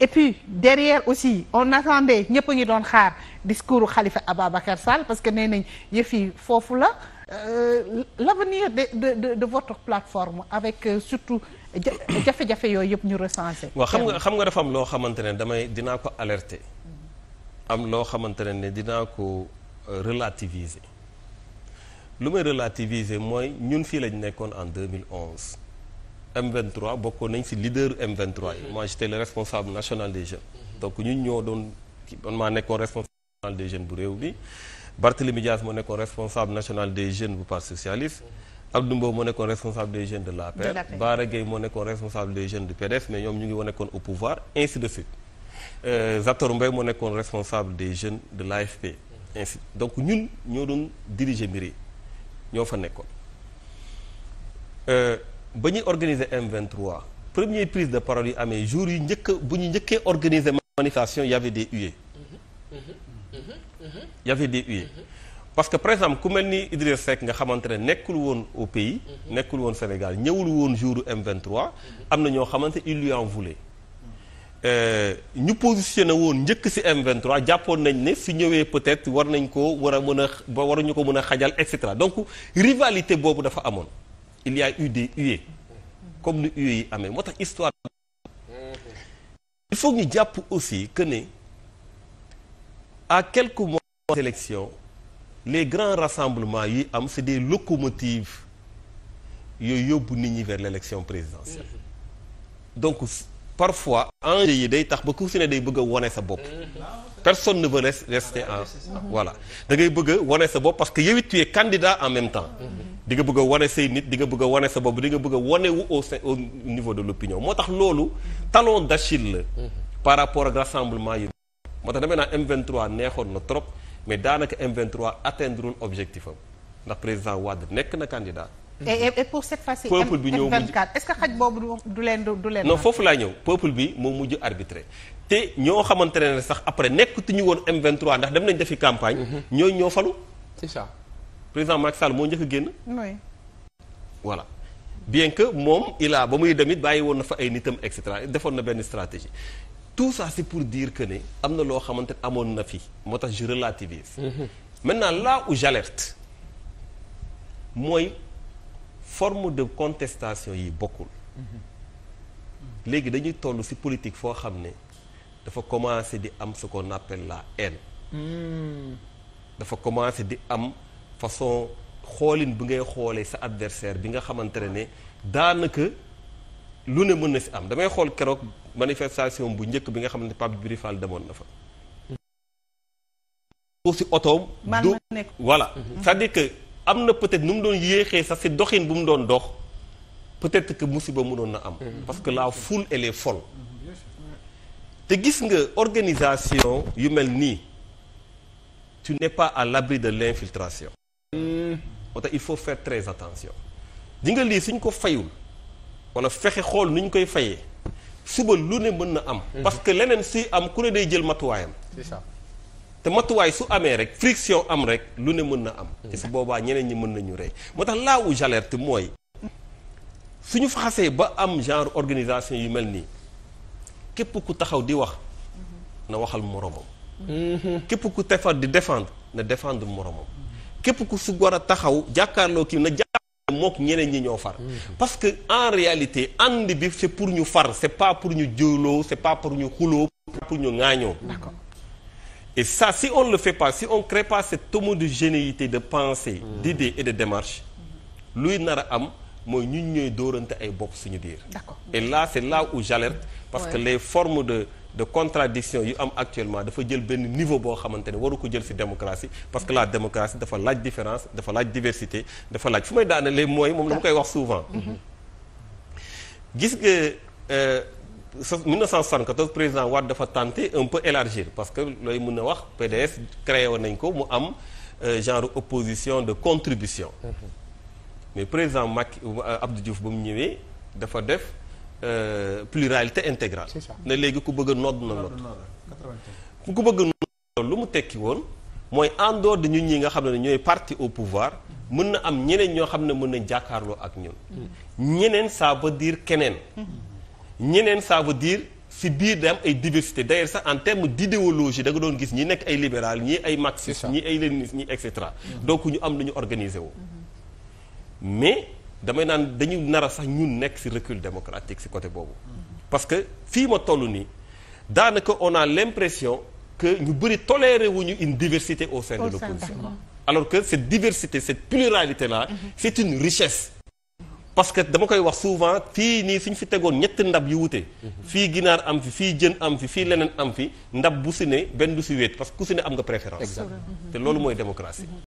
et puis derrière aussi on attendait ñëpp a ngi doon xaar discours Khalifa Ababacar Sall parce que nee nañ yëf yi foofu la euh, la de de de de votre plateforme avec euh, surtout jafe-jafe yooyu yëpp ñu recensé. waaw xam nga xam nga dafa am loo xamante ne damay dinaa ko alerter. am loo xamante ne ne dinaa ko euh, relativiser lu may relativiser mooy ñun fii lañ nekkoon en 2011. M23 bokkoon nañ ci leader M23 yi. moi j'étais le responsable national ñoo doon man maa nekkoon responsable national des jeunes bu réew bi Barthélémy Dias moo nekkoon responsable national des jeunes bu parti socialiste. Abdou moo nekkoon responsable des jeunes de l'APR. Bara Gueye moo nekkoon responsable ñu ngi woon nekkoon au pouvoir euh, ainsi donc ñun ñoo doon diriger mbir ñoo fa nekkoon. Euh, ba ñu organiser M23 première prise de parole amee jour yu njëkk bu ñu njëkkee organiser manifestation y avait des huées y avait parce que par exemple ku mel ni Idriss Seck nga xamante ne nekkul woon au pays nekkul woon Sénégal ñëwul woon jour M23 am na ñoo xamante il lui en voulait euh, ñu positionné woon njëkk ci M23 jàppoon nañ ne su ñëwee peut-être war nañ ko war a mën a ñu ko mën a xajal et cetera donc rivalité boobu dafa amoon il y a eu comme ni huées yi amee moo tax histoire il faut ñu jàpp aussi que ne à quelque mois d'élection les grands rassemblements yi am c'est des locomotives yooyu yóbbu nit ñi vers l'élection présidentielle donc parfois enjeu yi day tax ba ku si day bëgg wane sa bopp personne ne veut en wala da ngay bëgg a sa bopp parce que yow it candidat en même temps di nga bëgg a wane say nit di nga bëgg wane sa bopp di nga bëgg a wane wu au sein au niveau de l'opinion moo tax loolu talon d'Achille la par rapport ak rassemblement yi moo tax damay naan m neexoon na trop mais daanaka m atteindre objectif am ndax président Wade nekk na candidat Et, et pour cette fois peuple bi ñëw mujj est que xaj boobu du leen du leen foofu laa ñëw peuple bi moo mujj arbitré te ñoo xamante ne sax après ñu woon m ndax dem nañ defi campagne mhm. ñooy ñoo falu c'est président Macky Sall moo njëkk a génn. oui. voilà bien que moom il ba muy dem it bàyyi woon na fa ay nitam et cetera defoon na benn stratégie tout sax c'est pour dire que ne am na loo xamante ne amoon na fi moo tax je relativise. Mm-hmm. maintenant la où j'alerte mooy forme de contestation yi bokkul. Mm-hmm. léegi dañuy toll si politique foo xam ne dafa commencer di am ce qu'on appelle la haine. Mm. dafa commencer di am. façon xoolin bi ngay xoolee sa adversaire bi nga xamante ne daanaka lu ne mën na si am damay xool keroog manifestation bu njëkk bi nga xam ne Pape Djibril Fall demoon na fa. si otoom. du voilà mhm. c'est-à-dire que am na peut-être nu mu doon yéexee sax si doxin bu mu doon dox peut-être que musiba mënoon na am. Mhm. parce que la foule elle est folle. te gis nga organisation yu mel nii tu n'es pas à l'abri de l'infiltration moo il faut faire très attention di nga lii suñ ko fayul wala fexe xool nu koy fayee suba lu ne mën na am. Mhm. parce que leneen si am ku ne day jël matuwaayam. c'est te matuwaay su amee rek friction am rek lu ne mën na am. Mhm. te su boobaa ñeneen ñi mën nañu rey moo tax là où j'alerte mooy suñu fa ba am genre organisation yu mel nii képp ku taxaw di wax mhm. na waxal moromam. képp ku tefar di défendre na défendre moromam. képp ku si war a taxaw jàkkaarloo kii na jàkkaarloo mook ñeneen ñi ñoo far. Mm-hmm. parce que en réalité ànd bi c'est pour ñu far c'est pas pour ñu jëloo c'est pas pour ñu xuloo pour ñu ŋaañoo. d'accord. et sa si on le fait pas si on crée pas cette homogénéité de pensée. Mm-hmm. d'idées et de démarche luy nar a am. mooy ñun ñooy dóorante ay bopp suñu biir. d'accord et là c'est là où j'alerte parce que les formes de de contradiction yu am actuellement dafa jël benn niveau boo xamante ne waru ko jël ci démocratie parce que la démocratie dafa laaj différence dafa laaj diversité dafa laaj fu may daanalee mooy moom dama koy wax souvent gis nga 1974 euh, président Wade dafa tenté un peu élargir parce que looy mun a wax PDS créé woon nañ ko mu am euh, genre opposition de contribution mm-hmm. mais président Macky euh, Abdou Diouf ba mu ñëwee dafa def Euh, pluralité intégrale. c'est ça ne léegi ku bëgg a nodd na nodd. ku bëgg a nodd lu mu tekki woon mooy en dehors de ñun ñi nga xam ne ñooy parti au pouvoir mën na am ñeneen ñoo xam ne mën nañ jàkkaarloo ak ñun. ñeneen ça veut dire keneen. ñeneen ça veut dire si biir day am ay diversité d'ailleurs sax en terme d'idéologie da nga doon gis ñi nekk ay libéral ñi ay marxiste ñi ay léniniste ñi et cetera. donc ñu am lu ñu organiser wu damay naan dañu nar a sax ñun nekk ci recul démocratique ci côté boobu. parce que fii ma toll nii daanaka on a l'impression que ñu bëri toléré wuñu une diversité au sein de alors que cette diversité cette pluralité là. Mm-hmm. c'est une richesse. parce que dama koy wax souvent fii nii suñ fi tegoon ñett ndab yu wute. Mm-hmm. fii ginaar am fi fii jën am fi fii leneen am fi ndab bu si ne benn du si wéet parce que ku si ne am nga préférence. te loolu mooy démocratie. Mm-hmm.